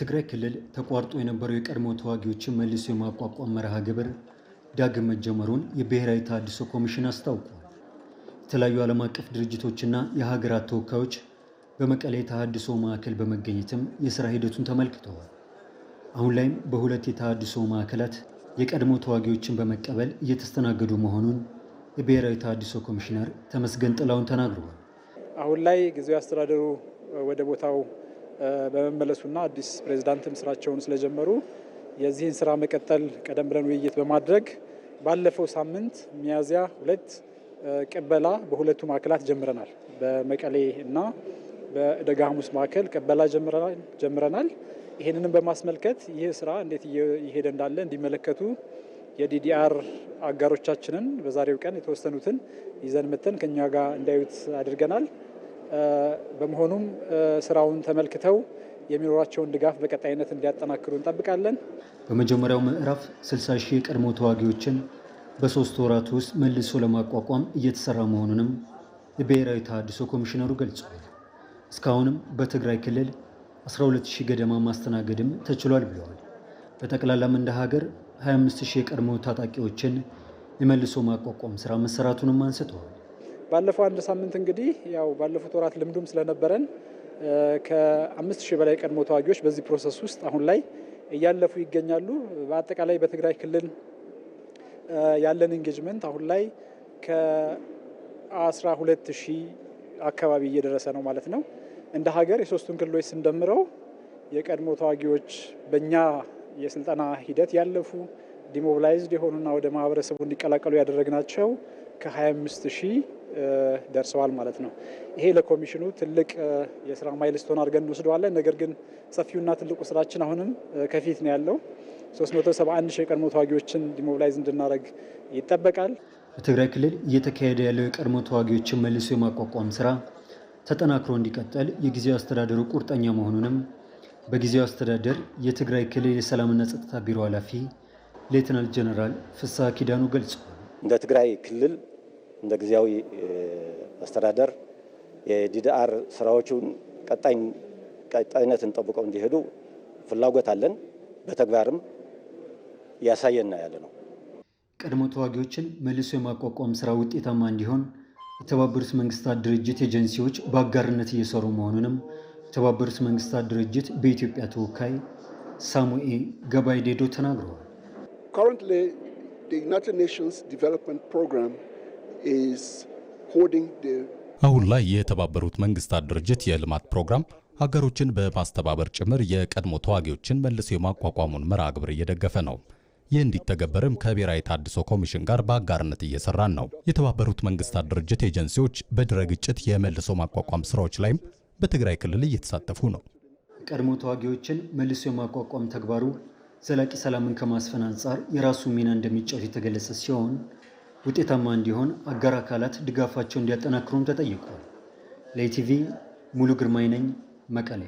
በትግራይ ክልል ተቋርጦ የነበረው የቀድሞ ተዋጊዎችን መልሶ የማቋቋም መርሃ ግብር ዳግም መጀመሩን የብሔራዊ ተሃድሶ ኮሚሽን አስታውቋል። የተለያዩ ዓለም አቀፍ ድርጅቶችና የሀገራት ተወካዮች በመቀሌ የተሃድሶ ማዕከል በመገኘትም የሥራ ሂደቱን ተመልክተዋል። አሁን ላይም በሁለት የተሃድሶ ማዕከላት የቀድሞ ተዋጊዎችን በመቀበል እየተስተናገዱ መሆኑን የብሔራዊ ተሃድሶ ኮሚሽነር ተመስገን ጥላውን ተናግረዋል። አሁን ላይ ጊዜያዊ አስተዳደሩ ወደ ቦታው በመመለሱና አዲስ ፕሬዚዳንትም ስራቸውን ስለጀመሩ የዚህን ስራ መቀጠል ቀደም ብለን ውይይት በማድረግ ባለፈው ሳምንት ሚያዝያ ሁለት ቅበላ በሁለቱ ማዕከላት ጀምረናል። በመቀሌ እና በደጋሙስ ማዕከል ቅበላ ጀምረናል። ይህንንም በማስመልከት ይህ ስራ እንዴት እየሄደ እንዳለ እንዲመለከቱ የዲዲአር አጋሮቻችንን በዛሬው ቀን የተወሰኑትን ይዘን መተን ከኛ ጋር እንዳዩት አድርገናል። በመሆኑም ስራውን ተመልክተው የሚኖራቸውን ድጋፍ በቀጣይነት እንዲያጠናክሩ እንጠብቃለን። በመጀመሪያው ምዕራፍ 60 ሺህ የቀድሞ ተዋጊዎችን በሶስት ወራት ውስጥ መልሶ ለማቋቋም እየተሰራ መሆኑንም የብሔራዊ ተሃድሶ ኮሚሽነሩ ገልጿል። እስካሁንም በትግራይ ክልል 12 ሺህ ገደማ ማስተናገድም ተችሏል ብለዋል። በጠቅላላም እንደ ሀገር 25 ሺህ የቀድሞ ታጣቂዎችን የመልሶ ማቋቋም ስራ መሰራቱንም አንስተዋል። ባለፈው አንድ ሳምንት እንግዲህ ያው ባለፉት ወራት ልምዱም ስለነበረን ከአምስት ሺህ በላይ ቀድሞ ተዋጊዎች በዚህ ፕሮሰስ ውስጥ አሁን ላይ እያለፉ ይገኛሉ። በአጠቃላይ በትግራይ ክልል ያለን ኢንጌጅመንት አሁን ላይ ከአስራ ሁለት ሺህ አካባቢ እየደረሰ ነው ማለት ነው። እንደ ሀገር የሶስቱን ክልሎች ስንደምረው የቀድሞ ተዋጊዎች በእኛ የስልጠና ሂደት ያለፉ ዲሞቢላይዝድ የሆኑና ወደ ማህበረሰቡ እንዲቀላቀሉ ያደረግናቸው ከ25 ሺህ ደርሰዋል ማለት ነው። ይሄ ለኮሚሽኑ ትልቅ የስራ ማይልስቶን አድርገን እንወስደዋለን። ነገር ግን ሰፊውና ትልቁ ስራችን አሁንም ከፊት ነው ያለው። 371 ሺህ የቀድሞ ተዋጊዎችን ዲሞቢላይዝ እንድናደርግ ይጠበቃል። በትግራይ ክልል እየተካሄደ ያለው የቀድሞ ተዋጊዎችን መልሶ የማቋቋም ስራ ተጠናክሮ እንዲቀጠል የጊዜያዊ አስተዳደሩ ቁርጠኛ መሆኑንም በጊዜያዊ አስተዳደር የትግራይ ክልል የሰላምና ጸጥታ ቢሮ ኃላፊ ሌትናል ጀነራል ፍስሐ ኪዳኑ ገልጸዋል። እንደ ትግራይ ክልል እንደ ጊዜያዊ አስተዳደር የዲዲአር ስራዎቹን ቀጣይነትን ጠብቀው እንዲሄዱ ፍላጎት አለን። በተግባርም ያሳየና ያለ ነው። ቀድሞ ተዋጊዎችን መልሶ የማቋቋም ስራ ውጤታማ እንዲሆን የተባበሩት መንግስታት ድርጅት ኤጀንሲዎች በአጋርነት እየሰሩ መሆኑንም የተባበሩት መንግስታት ድርጅት በኢትዮጵያ ተወካይ ሳሙኤ ገባይዴዶ ተናግረዋል። አሁን ላይ የተባበሩት መንግስታት ድርጅት የልማት ፕሮግራም ሀገሮችን በማስተባበር ጭምር የቀድሞ ተዋጊዎችን መልሶ የማቋቋሙን መርሃ ግብር እየደገፈ ነው። ይህ እንዲተገበርም ከብሔራዊ ታድሶ ኮሚሽን ጋር በአጋርነት እየሰራን ነው። የተባበሩት መንግስታት ድርጅት ኤጀንሲዎች በድረ ግጭት የመልሶ ማቋቋም ስራዎች ላይም በትግራይ ክልል እየተሳተፉ ነው። የቀድሞ ተዋጊዎችን መልሶ የማቋቋም ተግባሩ ዘላቂ ሰላምን ከማስፈን አንጻር የራሱ ሚና እንደሚጫወት የተገለጸ ሲሆን ውጤታማ እንዲሆን አጋር አካላት ድጋፋቸውን እንዲያጠናክሩም ተጠይቋል። ለኢቲቪ ሙሉ ግርማይ ነኝ መቀሌ